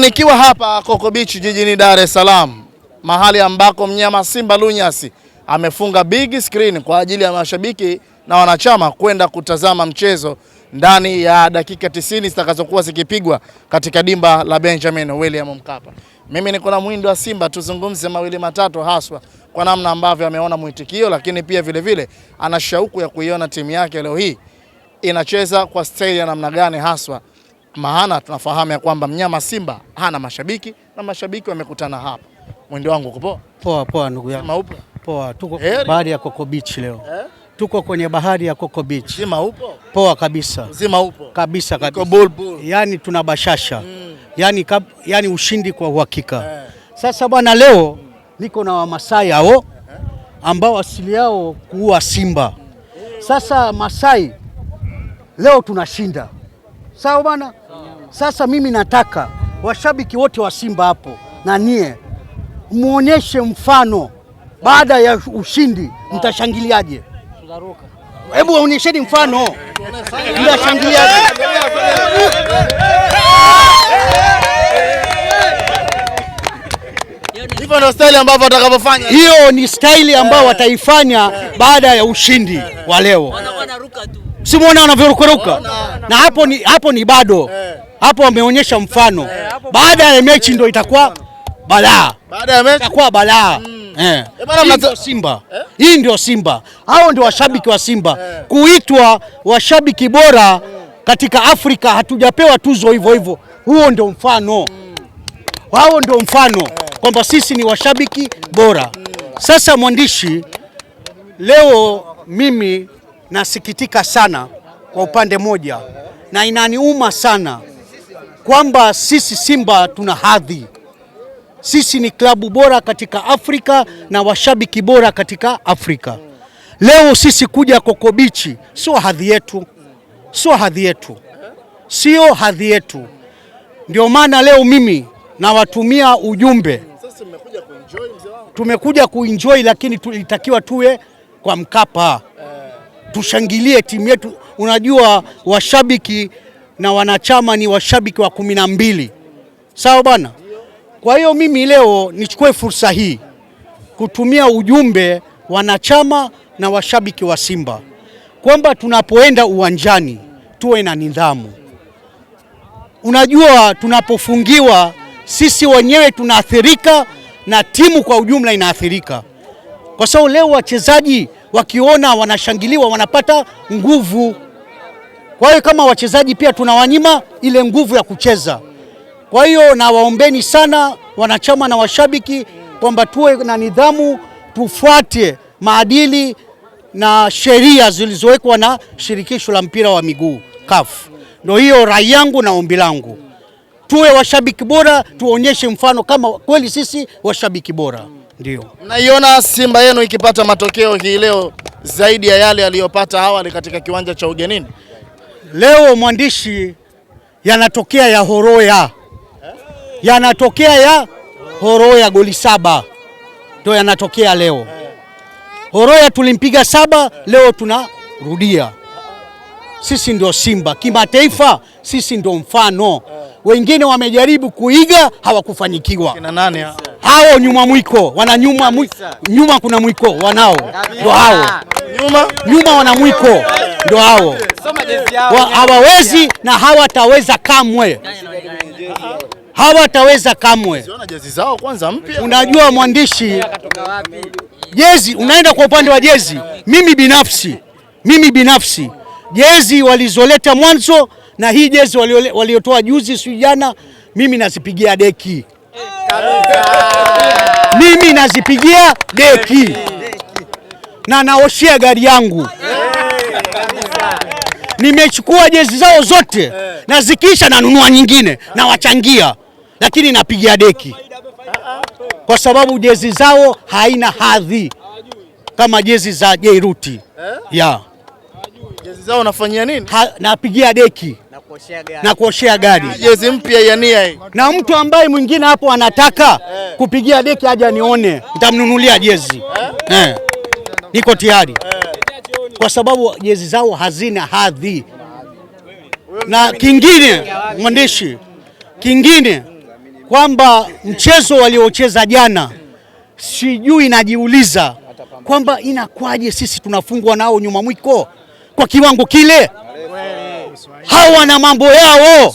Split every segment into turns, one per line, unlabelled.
nikiwa hapa Coco Beach jijini Dar es Salaam, mahali ambako mnyama Simba Lunyasi amefunga big screen kwa ajili ya mashabiki na wanachama kwenda kutazama mchezo ndani ya dakika tisini zitakazokuwa zikipigwa katika dimba la Benjamin William Mkapa. Mimi niko na mwindo wa Simba, tuzungumze mawili matatu, haswa kwa namna ambavyo ameona mwitikio, lakini pia vilevile ana shauku ya kuiona timu yake leo hii inacheza kwa staili ya namna gani, haswa maana tunafahamu ya kwamba mnyama Simba hana mashabiki na mashabiki wamekutana hapa. Mwendo wangu uko poa?
Poa poa, ndugu yangu. Poa, tuko bahari ya Coco Beach leo eh? Tuko kwenye bahari ya Coco Beach. Zima upo? Poa kabisa. Zima upo? Kabisa kabisa. Bull bull. Yani tuna bashasha mm. Yani, kab... yani ushindi kwa uhakika eh. Sasa bwana leo niko na Wamasai hao ambao asili yao kuua Simba Sasa Masai leo tunashinda, sawa bwana sasa mimi nataka washabiki wote wa Simba hapo na nie muonyeshe mfano, baada ya ushindi mtashangiliaje? Hebu waonyesheni mfano, mtashangiliaje?
Hivyo ndio staili ambayo watakapofanya,
hiyo ni staili ambayo wataifanya baada ya ushindi wa leo. Simuona wanavyorukaruka na hapo ni, hapo ni bado hapo wameonyesha eh, mfano. Baada ya mechi ndio itakuwa balaa, baada ya mechi itakuwa balaa. Hmm. Eh, eh Simba eh? Hii ndio Simba, hao ndio washabiki wa Simba eh. Kuitwa washabiki bora Katika Afrika hatujapewa tuzo hivyo hivyo, huo ndio mfano mm. Hao ndio mfano eh. Kwamba sisi ni washabiki bora mm. Sasa mwandishi, leo mimi nasikitika sana kwa upande moja na inaniuma sana kwamba sisi Simba tuna hadhi, sisi ni klabu bora katika Afrika na washabiki bora katika Afrika. Leo sisi kuja kokobichi sio hadhi yetu, sio hadhi yetu, sio hadhi yetu. Ndio maana leo mimi nawatumia ujumbe, tumekuja kuenjoy, lakini tulitakiwa tuwe kwa Mkapa, tushangilie timu yetu. Unajua washabiki na wanachama ni washabiki wa kumi na mbili. Sawa bwana. Kwa hiyo mimi leo nichukue fursa hii kutumia ujumbe wanachama na washabiki wa Simba kwamba tunapoenda uwanjani tuwe na nidhamu. Unajua, tunapofungiwa sisi wenyewe tunaathirika na timu kwa ujumla inaathirika, kwa sababu leo wachezaji wakiona wanashangiliwa wanapata nguvu. Kwa hiyo kama wachezaji pia tunawanyima ile nguvu ya kucheza. Kwa hiyo nawaombeni sana wanachama na washabiki kwamba tuwe na nidhamu, tufuate maadili na sheria zilizowekwa na shirikisho la mpira wa miguu CAF. Ndio hiyo rai yangu na ombi langu, tuwe washabiki bora, tuonyeshe mfano kama kweli sisi washabiki bora. Ndio
naiona Simba yenu ikipata matokeo hii leo zaidi ya yale aliyopata awali katika kiwanja cha Ugenini.
Leo mwandishi, yanatokea ya Horoya, yanatokea ya Horoya, goli saba ndio yanatokea leo. Horoya tulimpiga saba, leo tunarudia. Sisi ndio Simba kimataifa, sisi ndio mfano. Wengine wamejaribu kuiga hawakufanikiwa. Hao nyuma mwiko wana nyuma, nyuma kuna mwiko wanao, ndio hao nyuma, nyuma wana mwiko ndio hao hawawezi na hawataweza kamwe, hawataweza kamwe. Unajua mwandishi, jezi unaenda kwa upande wa jezi. Mimi binafsi, mimi binafsi jezi walizoleta mwanzo na hii jezi waliotoa juzi, si jana, mimi nazipigia deki mimi nazipigia deki na naoshia gari yangu nimechukua jezi zao zote eh, na zikiisha nanunua nyingine nawachangia, lakini napigia deki kwa sababu jezi zao haina hadhi kama jezi za jeiruti eh?
Jezi zao nafanyia nini?
napigia deki na kuoshea gari ah,
jezi mpya ya nia hii,
na mtu ambaye mwingine hapo anataka eh, kupigia deki aje anione, nitamnunulia jezi eh? Eh. Niko tayari kwa sababu jezi zao hazina hadhi. Na kingine mwandishi, kingine kwamba mchezo waliocheza jana, sijui najiuliza kwamba inakwaje sisi tunafungwa nao nyuma mwiko kwa kiwango kile hawa na mambo yao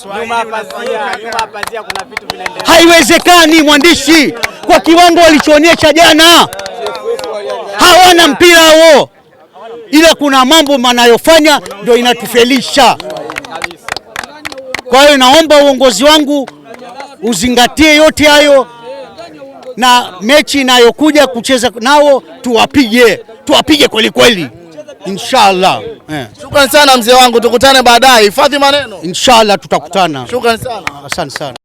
haiwezekani, mwandishi, kwa kiwango walichoonyesha jana, hawana mpira wao ila kuna mambo manayofanya ndio inatufelisha. Kwa hiyo naomba uongozi wangu uzingatie yote hayo, na mechi inayokuja kucheza nao tuwapige, tuwapige kweli kweli, inshallah. Eh.
Shukrani sana mzee wangu, tukutane baadaye. Hifadhi maneno,
inshallah tutakutana.
Shukrani sana, asante sana.